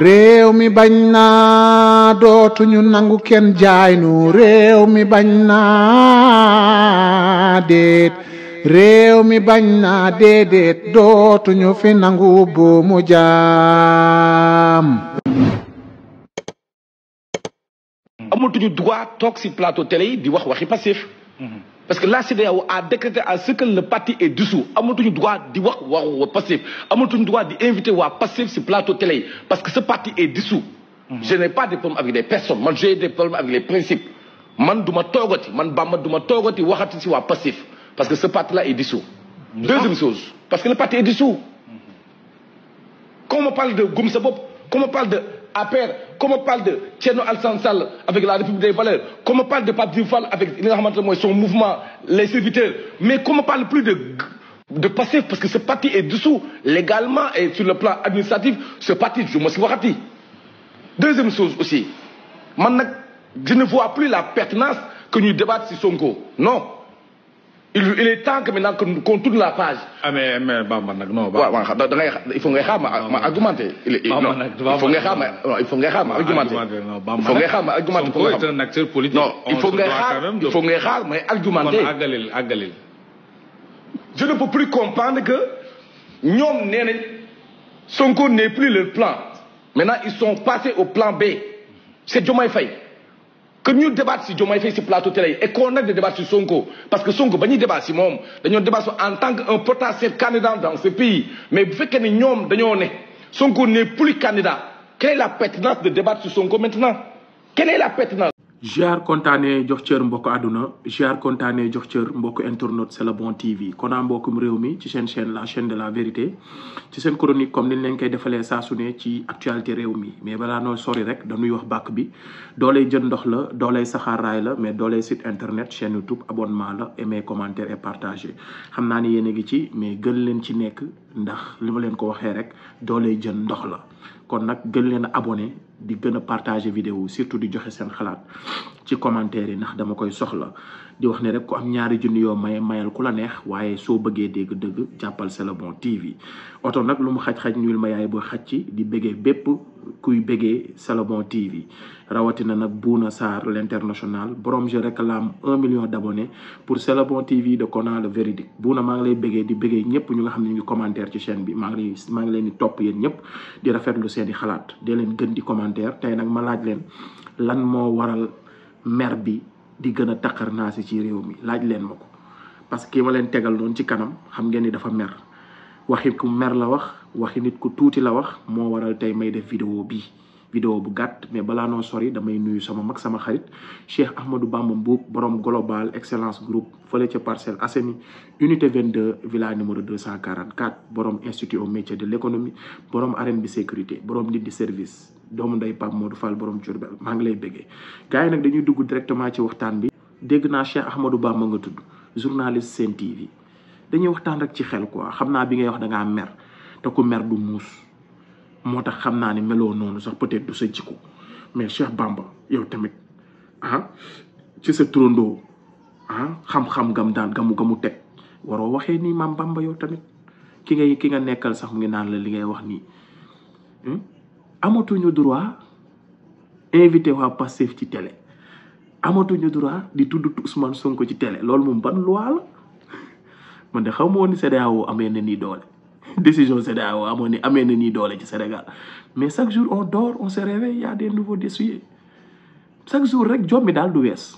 réew mi bañ naa dootuñu nangu kenn jaay nu réew mi bañ naa déet réew mi bañ naa déedéet dootuñu fi nangu buumu jaam. amatuñu droit di wax waxi parce que la CDAO a décrété à ce que le parti est dissous amatuñu droit di wax amatuñu droit d'inviter ou waa sur le plateau télé parce que ce parti est dissous mhm. je n'ai pas de problème avec les personnes mais j'ai des problèmes avec les principes man du suis pas man du ma waxati ci wa parce que ce parti là est dissous mhm. deuxième chose parce que le parti est dissous quand mhm. on parle de Goumsabop, quand on parle de APR comme on parle de Thierno Al Sansal avec la République des valeurs Comment on parle de Pape Diouf avec son mouvement les serviteurs mais comment on parle plus de de parce que ce parti est dessous, légalement et sur le plan administratif ce parti je me suis deuxième chose aussi maintenant, je ne vois plus la pertinence que nous sur sur Sonko non il est temps que maintenant qu'on tourne la page. ah mais mais Bamba non. Bah. il faut que xam bah, bah, il faut nga xam il faut que xam il faut que xam un acteur politique. non il faut que il faut je ne peux plus comprendre que Nyom Nene, Sonko n'est plus le plan maintenant ils sont passés au plan B c'est moins Faye que nous débattons si Diomaye fait ce plateau télé et qu'on ait de débattre sur Songo. parce que Sonko nous ñuy débat si moom débat en tant qu'un potentiel candidat dans ce pays mais vu que nous sommes, n'est plus candidat quelle est la pertinence de débattre sur Songo maintenant quelle est la pertinence Giar kontaanee jox cër mbokk àdduna Giar kontaanee jox cër mbokk internaute c'est la bon TV kon a mbokkum réew mi ci seen chaîne la chaîne de la vérité ci sen chronique comme ni len koy defalee sa suné ci actualité réew mi mais bala no sori rek dañuy wax bak bi doolay jën ndox la saxar ray la mais doolay site internet chaîne YouTube abonnement la aimer commentaire et partager xamna ni yene gi ci mais gën len ci nek ndax li len ko waxé rek doolay jën ndox la kon nak gën len a abonné di gëna a partager vidéo surtout di joxe sen xalaat ci commentaire yi ndax dama koy soxla di wax ne rek ku am ñaari junni yoo maye mayal ku la neex waaye soo bëggee dégg dëgg jàppal c'est le bon TV oto nag lu mu xaj-xaj ñuul ma yaay bu xaj ci di bëggee bépp kuy bëggee selebon le bon TV rawatina nag Bouna Sarr l'international borom je réclame un million d'abonnés pour c'est le bon TV de Kona le véridique Bouna maa ngi lay bëggee di bëggee ñëpp ñu nga xam ne ñu ngi commentaire ci chaîne bi maa ngi lay maa ngi leen di topp yéen ñëpp di rafetlu seen i xalaat dee leen gën di commentaire tey nag ma laaj leen mer bi di gën a taqar naa si ci réew mi laaj leen ma ko parce que kii ma leen tegal noonu ci kanam xam ngeen ni dafa mer waxit ku mer la wax waxi nit ku tuuti la wax moo waral tey may def vidéo bii Video bu gatt mais bala no sori damay nuyu sama mak sama xarit Cheikh Ahmadou Bamba borom global excellence Group, fële parcel Parcelles Assainies unité 22 villa numéro 244 borom institut au métier de l'économie borom arène de sécurité borom nit di service domou nday pap Modou Fall borom Diourbel ma ngi lay bëggee. gars nak dañuy dugg directement ci waxtaan bi dégg na Cheikh Ahmadou Bamba nga tudd journaliste Sen TV dañuy waxtaan rek ci xel quoi xamna bi ngay wax da nga mer te ku mer du mousse motax xamna ni melo nonu sax peut être du sa jikko mais Cheikh Bamba yow tamit ah ci sa trondo ah xam-xam gam gamu gamu tek, waro waxe ni mam Bamba yow tamit ki ngay ki nga nekkal sax ngi nan la li ngay wax hmm? amatu ñu droit invité wa Pastef ci télé ñu droit di tuddu Ousmane Sonko ci télé lool mom ban loi la man de xaw CDAO amé ni doole décision CEDEAO amoon ni dollars na ñuy doole ci Sénégal mais chaque jour on dort on se réveille il y a des nouveaux dossiers chaque jour rek job mi daal du wess.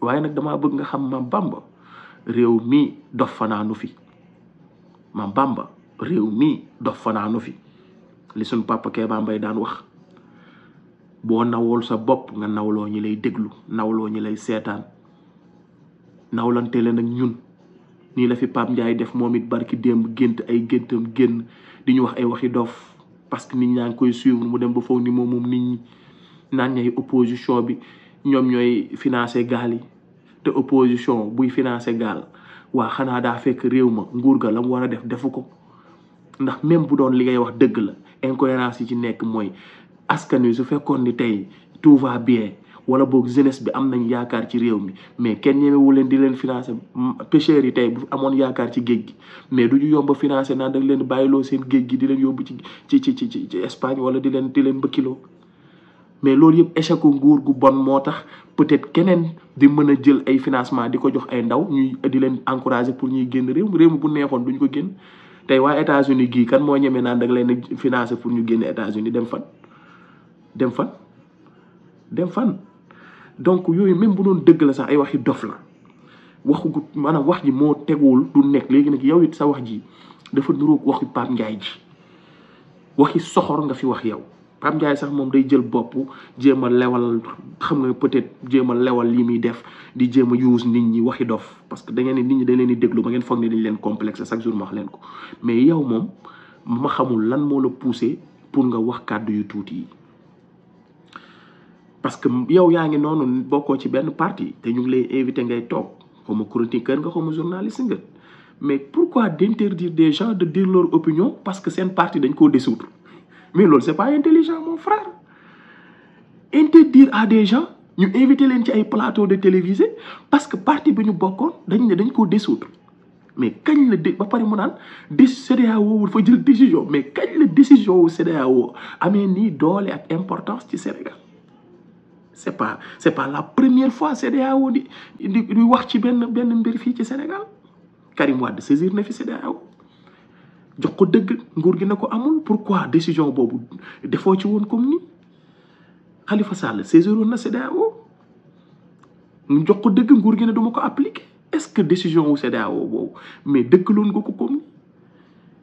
waaye nak dama bëgg nga xam ma Bamba réew mi dof fanaanu fi Ma Bamba réew mi dof fanaanu fi li sun papa Kéba Mbaye daan wax Bo nawol sa bop nga nawlo ñi lay déglu nawloo ñi lay seetaan nawlante ñun nii la fi Pape Ndiaye def moom it barki démb gént ay géntam génn di ñu wax ay waxi dof parce que nit ñaa ngi koy suivre mu dem ba foog ni moom moom nit ñi naan ñay opposition bi ñoom ñooy financé gaal te opposition buy financé gaal waa xanaa daa fekk réew ma nguur ga la mu war a def defu ko ndax même bu doon li ngay wax dëgg la incohérence yi ci nekk mooy askan wi su fekkoon ni tey tout va bien wala boog jeunesse bi am nañ yaakaar ci réew mi mais kenn ñemewu leen di leen financé mm, pêcheurs yi tey bu amoon yaakaar ci géej gi mais du ñu yomb financé naa da leen bàyyiloo seen géej gi di leen yóbbu ci ci ci ci ci Espagne wala di leen di leen bëkkiloo mais loolu yëpp échec nguur gu bon moo tax peut-être keneen di mën a jël ay financement di ko jox ay ndaw ñuy di leen encourager pour ñuy génn réew réew mi bu neexoon duñ ko génn tey waa États-Unis gii kan moo ñemee naa da nga leen financer pour ñu génn États-Unis dem fan dem fan dem fan donc yoy même bu doon deug la sax ay wax waxi dof la waxu maanaam wax ji mo teggul du nek legui nak yow it sa wax ji dafa nuro wax waxi pap ndjay ji wax yi soxor nga fi wax yow pap ndjay sax mom day jël bop jema lewal xam nga peut-être jema lewal li mi def di jema use nit ñi wax yi dof parce que da ngeen nit ñi dañ leen di deglu ba ngeen fogné ne dañ leen complexe chaque jour ma wax leen ko mais yow mom ma xamul lan mo la pousser pour nga wax kàddu yu tuuti parce que yow yaa ngi noonu bokkoo ci ben parti te ñu ngi lay inviter ngay à xaw comme chroniqueur nga xaw journaliste nga mais pourquoi d'interdire des gens de dire leur opinion parce que sen parti dañ ko dissoudre mais loolu c'est pas intelligent mon frère interdire à des gens ñu invité leen ci ay plateau de télévisé parce que parti bi ñu bokkoon dañ ne dañ ko dissoudre mais kañ le ba pare mu naan di CEDEAO fa jël décision mais kañ le décision wu CEDEAO amé ni doole ak importance ci Sénégal c'est pas c'est pas la première fois CEDEAO di di di wax ci ben ben mbir fi ci Sénégal Karim Wade saisir na fi CEDEAO jox ko deug nguur gi na amul pourquoi décision bobu defo ci won comme ni Khalifa Sall saisir woon na CEDEAO ñu jox ko deug nguur gi ne duma ko appliquer est ce que décision wu CEDEAO boobu mais dëggaloon nga ko comme ni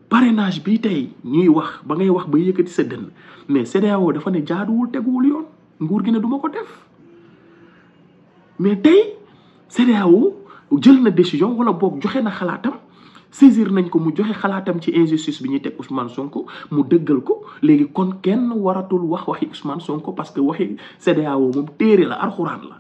parrainage bi tay ñuy wax ba ngay wax ba yëkëti sa dënn mais CDAO dafa ne jaaduwul teguwul yoon. nguur gi ne du ma ko def mais tey CEDEAO jël na décision wala boog joxee na xalaatam saisir nañ ko mu joxe xalaatam ci injustice bi ñuy teg usman Sonko mu dëggal ko léegi kon kenn waratul wax waxi Ousmane Sonko parce que waxi CEDEAO moom téere la arxuraan la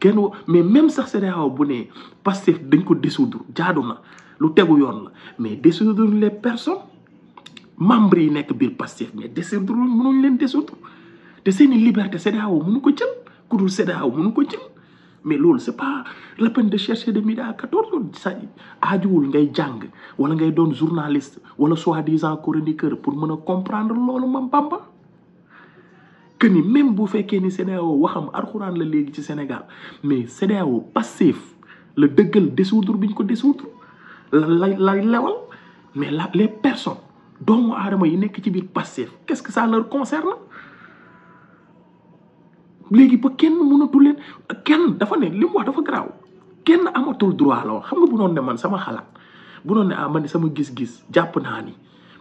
kenn mais même sax CEDEAO bu ne Pastef dañ ko dissoudre jaadu na lu tegu yoon la mais dissoudre les personnes membre yi nekk biir Pastef mais décédé mënuñ leen décédé te seen i liberté CEDEAO mënu ko jël ku dul CEDEAO mënu ko jël mais loolu c'est pas la peine de chercher de midi à quatorze heures sa aajuwul ngay jàng wala ngay doon journaliste wala soi-disant chroniqueur pour mën a comprendre loolu ma Bamba que ni même bu fekkee ni CEDEAO waxam alxuraan la léegi ci Sénégal mais CEDEAO passif la dëggal dissoudre bi ñu ko dissoudre la lay lay lewal mais la les personnes doomu aadama yi nekk ci biir passif qu'est-ce que ça leur concerne léegi ba kenn mënatu leen kenn dafa ne li mu wax dafa garaaw kenn amatul droit la wax xam nga bu ne man sama xalaat bu noon ne ah man sama gis-gis jàpp naa ni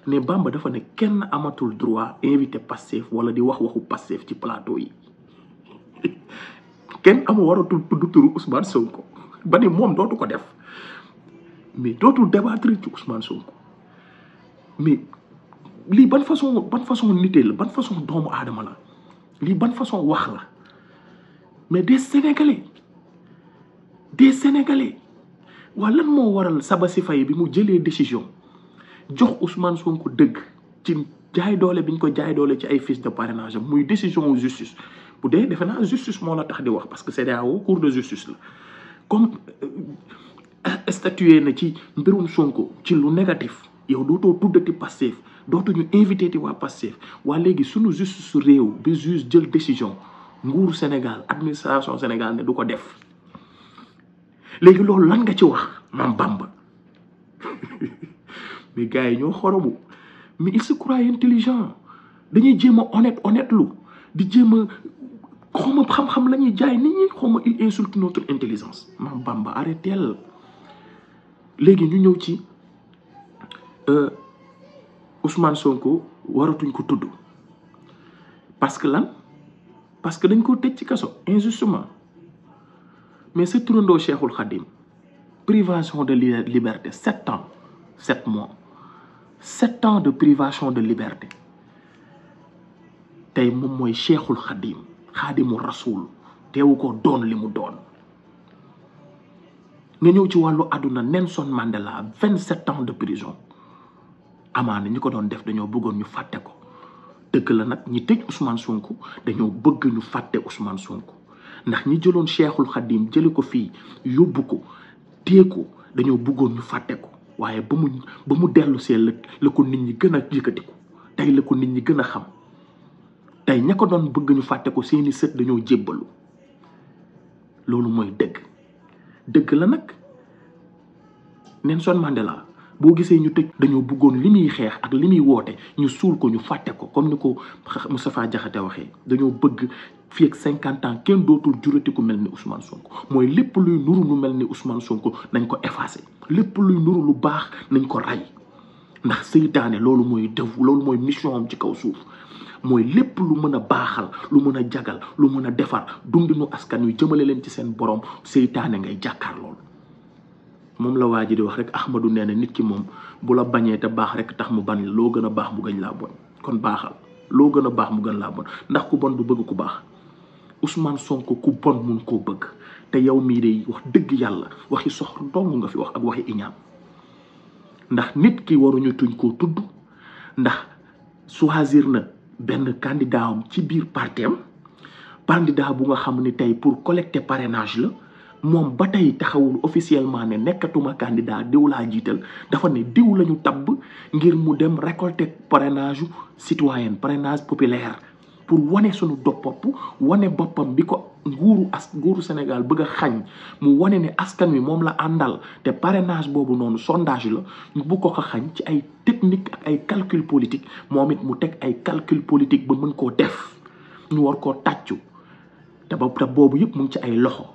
ne Bamba dafa ne kenn amatul droit invité passif wala di wax waxu passif ci plateau yi kenn amu waratul tudd turu Ousmane Sonko ba ne moom dootu ko def mais dootul débattre ci Ousmane Sonko mais li ban façon ban façon nité la ban façon doomu adama la li ban façon wax la mais des sénégalais des sénégalais waa lan moo waral sabassi fay bi mu jëlee décision jox Ousmane Sonko deug ci jaay doole biñ ko jaay doole ci ay fils de parrainage muy décision justice bu dé defe naa justice mo la tax di wax parce que CEDEAO cour de justice la comme euh, statué na ci mbirum Sonko ci lu négatif yow dootoo tuddati doto ñu invité ti wa passif wa légui suñu justice su réew bi juge jël décision nguur Sénégal administration Sénégal ne duko def légui lool lan nga ci wax mam Bamba mais gaay ñoo xorobu mais il se croit intelligent dañuy jéem honnête honnête lu di jéem a xam-xam la jaay nit ñi xoma il insulte notre intelligence mam Bamba arrêtel légui ñu ñëw ci euh, Ousmane Sonko waratuñ ko parce que lan parce que dañ ko tecc ci injustement mais tourando Cheikhoul Khadim privation de liberté 7 ans 7 mois 7 ans de privation de liberté tay mom moy Cheikhoul Khadim Rasoul donne li ci Nelson Mandela 27 ans de prison amaana ñi ko doon def dañoo bëggoon ñu fàtte ko dëgg la nag ñi tëj Ousmane Sonko dañoo bëgg ñu fàtte Ousmane Sonko ndax ñi jëloon Cheikhul Khadim jële ko fii yóbbu ko téye dañoo bëggoon ñu fàtte ko waaye ba mu ba mu dellu see la la ko nit ñi gën a yëkkatiku tey la ko nit ñi gën a xam tey ña ko doon bëgg ñu fàtte ko seeni sët dañoo jébbalu loolu mooy dëgg dëgg la nag Nelson Mandela boo gisee ñu teg dañoo bëggoon li muy xeex ak li muy woote ñu suul ko ñu fàtte ko comme ni ko Moustapha Diakhaté waxee dañoo bëgg fii ak cinquante ans kenn dootul jurati ku mel ni Ousmane Sonko mooy lépp luy nuru lu mel ni Ousmane Sonko nañ ko effacé lépp luy nuru lu baax nañ ko ray ndax seytaane loolu mooy def loolu mooy mission ci kaw suuf mooy lépp lu mën a baaxal lu mën a jagal lu mën a defar dundinu askan wi jëmale leen ci seen borom seytaane ngay jàkkaar loolu mom la waji di wax rek ahmadou nee nit ki mom bu la bañé ta bax rek tax mu ban lo gëna bax gën la bon kon baxal loga gëna bax labon mu gën la bon ndax ku bon du bëgg ku bax Ousmane Sonko ku bon mu ko bëgg te yow mi day wax dëgg yalla waxi soxor dong nga fi wax ak waxi iñam ndax nit ki ñu tuñ ko tuddu ndax choisir na ben candidat ci biir partem candidat bu nga xamni tay pour collecter parrainage la moom ba tey taxawul officiellement ne nekkatuma candidat diw laa jiital dafa ne diw lañu tabb ngir mu dem récolter parrainage citoyen parrainage populaire pour wane sunu dopp wane boppam bi ko nguuru as nguuru Sénégal bëgg a xañ mu wane ne askan wi moom la àndal te parrainage boobu noonu sondage la ñu bu ko ko xañ ci ay technique ak ay calcul politique moom it mu teg ay calcul politique ba mën koo def ñu war koo tàccu te ba boobu yëpp mu ngi ci ay loxo.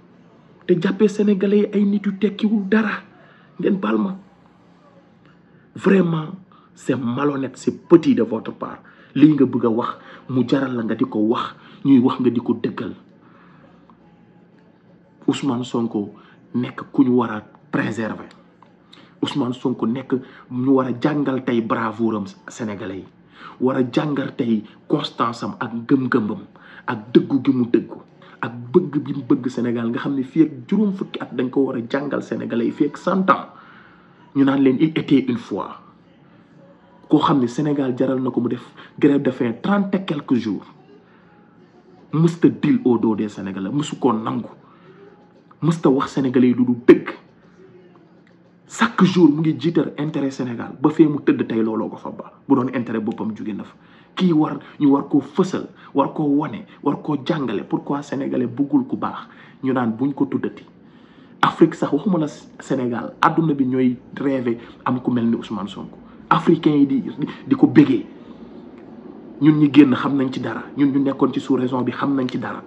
te jappé sénégalais ay nit yu tekkiwul dara ngeen balma vraiment c'est malhonnête c'est petit de votre part li nga bëgg wax mu jaral la nga di wax ñuy wax nga diko ko dëggal Ousmane Sonko nek kuñ wara préserver Ousmane Sonko nek ñu wara jangal tay bravoure am sénégalais wara jangal tay constance am ak gëm-gëmbam ak dëggu gi mu dëggu ak bëgg bi mu bëgg Sénégal nga xam ne fii ak juróom fukki at dañ ko war a jàngal sénégalais yi fii ak cent ans ñu naan leen il était une fois koo xam ne Sénégal jaral na ko mu def grève de fin trente et quelques jours mësta dil au dos des sénégalais mësu koo nangu mësta wax sénégalais yi lu du dëgg chaque jour mu ngi jiital intérêt Sénégal ba fee mu tëdd tey looloo ko fa ba bu doon intérêt boppam jóge na fa kii war ñu war koo fësal war koo wane war koo jàngale pourquoi sénégalais bëggul ku baax ñu naan buñ ko tuddati Afrique sax waxuma la Sénégal àdduna bi ñooy rêvé am ku mel ni Ousmane Sonko africain yi di di ko bégee ñun ñi génn xam nañ ci dara ñun ñu nekkoon ci sous-région bi xam nañ ci dara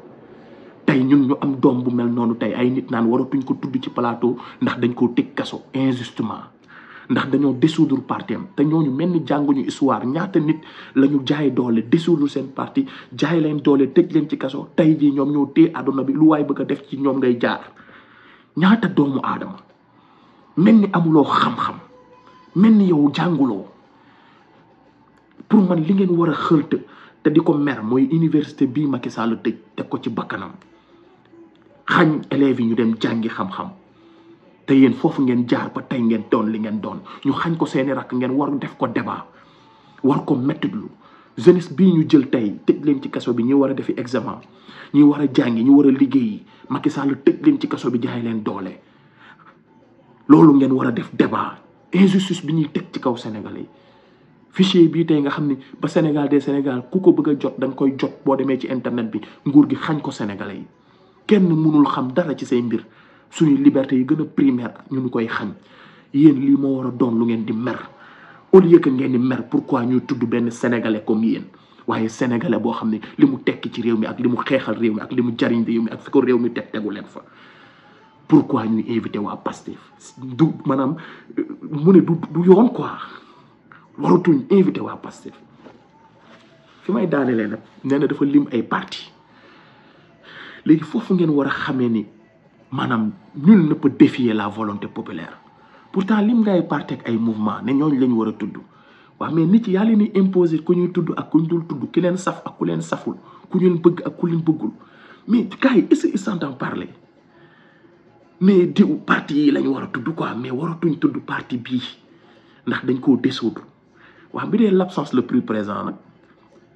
tey ñun ñu am doom bu mel noonu tey ay nit naan waratuñ ko tudd ci plateau ndax dañ koo tëj kaso injustement ndax dañoo dissoudre parti am te ñooñu mel ni jànguñu histoire ñaata nit la ñu jaay doole dissoudre seen parti jaay leen doole tëj leen ci kaso tey jii ñoom ñoo téye àdduna bi lu waay bëgg a def ci ñoom ngay jaar ñaata doomu aadama mel ni amuloo xam-xam mel ni yow jànguloo pour man li ngeen war a xëlt te di ko mer mooy université bii Macky Sall tëj teg ko ci bakkanam xañ élèves yi ñu dem jàngi xam-xam te yéen foofu ngeen jaar ba tey ngeen doon li ngeen doon ñu xañ ko seeni rakk ngeen war def ko débat war ko mettitlu jeunesse bii ñu jël tey tëj leen ci kaso bi ñu war a defi examen ñu war a jàngi ñu war a liggéeyi Macky Sall tëj leen ci kaso bi jaay leen doole loolu ngeen war a def débat injustice bi ñuy teg ci kaw Sénégalais yi fichier bii tey nga xam ni ba Sénégal des Sénégal ku ko bëgg a jot da koy jot boo demee ci internet bi nguur gi xañ ko Sénégalais yi kenn mënul xam dara ci say mbir suñu liberté yi gën a primaire ñu ngi koy xañ yéen lii moo war a doon lu ngeen di mer au lieu que ngeen di mer quoi ñuy tudd benn sénégalais comme yéen waaye sénégalais boo xam ne li mu tekki ci réew mi ak li mu xeexal réew mi ak li mu jariñ réew mi ak fi ko réew mi teg tegu leen fa pourquoi ñuy invité waa Pastef du maanaam euh, mu ne du du yoon quoi waratuñ invité waa Pastef fi may daanelee nag nee dafa lim ay partie léegi foofu ngeen war a xamee ni Manam, nul ne peut défier la volonté populaire pourtant lim ngay ak ay mouvement ne ñooñu nous, wara tuddu a mais nit sont leen imposer ku ñuy tuddu ak ku ñu dul ki saf ak ku saful ku bëgg ak ku mais kay est s'entendent parler mais diw parti yi la wara tuddu quoi mais waratuñ tuddu parti bi ndax dañ ko dissoudre wa bi l'absence le plus présent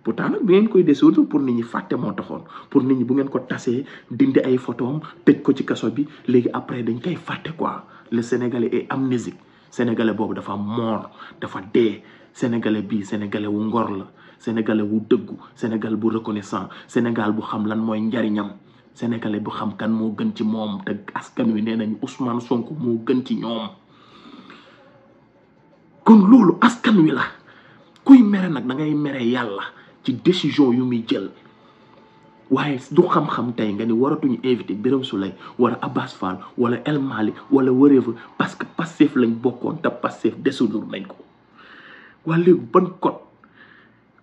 pourtant nag bi ngeen koy dissoudre pour nit ñi fàtte moo taxoon pour nit ñi bu ngeen ko tasee dindi ay photoom tëj ko ci kaso bi léegi après dañ koy fàtte quoi le sénégalais est amnésique boobu dafa moor dafa dee sénégalais bii sénégalais wu ngor la sénégalais wu dëggu sénégal bu reconnaissant sénégal bu xam lan mooy njariñam sénégalais bu xam kan moo gën ci moom te askan wi nee nañ Ousmane Sonko moo gën ci ñoom kon loolu askan wi la kuy mere nag da ngay mere yàlla ci décision yu muy jël waaye du xam-xam tey nga ni waratuñu invité Birame Souleye wala Abass Fall wala El Mali wala wëreefa parce que Pastef lañ bokkoon te Pastef desulur nañ ko waa léegi ban code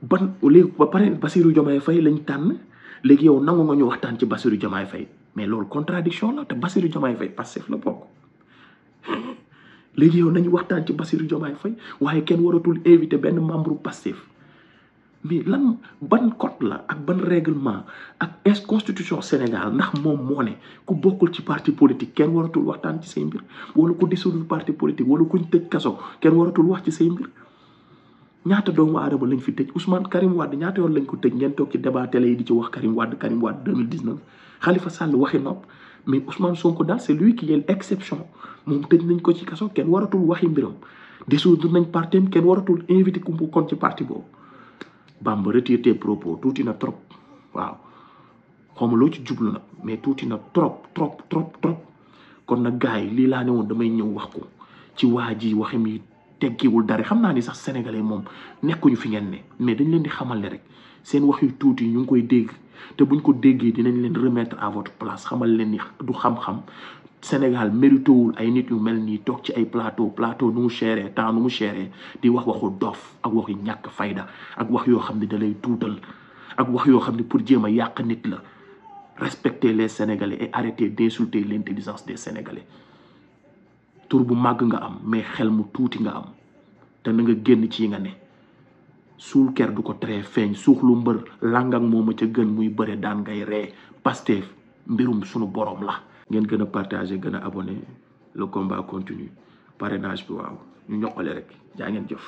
ban léegi ba pare Bassirou Diomaye fay lañ tànn léegi yow nangu nga ñu waxtaan ci bassiru Diomaye fay mais loolu contradiction la te Bassirou Diomaye Faye Pastef la bokk léegi yow nañu waxtaan ci Bassirou Diomaye Faye waaye kenn waratul invité benn membre Pastef mais lan ban code la ak ban réglement ak constitution Sénégal ndax moom moo ne ku bokkul ci parti politique kenn waratul waxtaan ci say mbir wala ku dissoudre parti politique wala kuñ tëj kaso kenn waratul wax ci say mbir ñaata doomu lañ fi tëj Ousmane Karim Wade ñaata yoon lañ ko tëj ngeen toog di ci wax Karim Wade Karim Wade 2019 Khalifa Sall waxi nopp mais Ousmane Sonko daal c'est lui qui est l'exception moom tëj nañ ko ci kaso kenn waratul waxi mbiram dissoudre nañ parti am kenn waratul invité ku kon ci parti boobu. Bamba retire tes propos tuuti na trop waaw xawma loo ci jublu nag mais tuuti na trop trop trop trop kon nag gars yi lii laa ne woon damay ñëw wax ko ci waa ji waxim yi teggiwul dara xam naa ni sax sénégalais moom nekkuñu fi ngeen ne mais dañ leen di xamal ne rek seen wax yu tuuti ñu ngi koy dégg te buñ ko déggee dinañ leen remettre à votre place xamal leen ni du xam-xam Sénégal méritewul ay nit yu mel nii toog ci ay plateau plateau nu mu chere temps nu mu chéré di wax waxu dof ak waxu ñàkk fayda ak wax yoo xam ne da lay tuutal ak wax yoo xam ne pour jéem a yàq nit la respectez les Sénégalais et arrêtez d'insulter l'intelligence de Sénégalais tur bu màgg nga am mais xel mu tuuti nga am te na nga génn ci nga ne suul ker du ko teree feeñ suux lu mbër làng moom a ca gën muy bëre daan ngay ree Pastef mbirum sunu boroom la ngeen gën a partager gën a abonné le combat continue parrainage bi waaw ñu ñoqale rek jaa ngeen jëf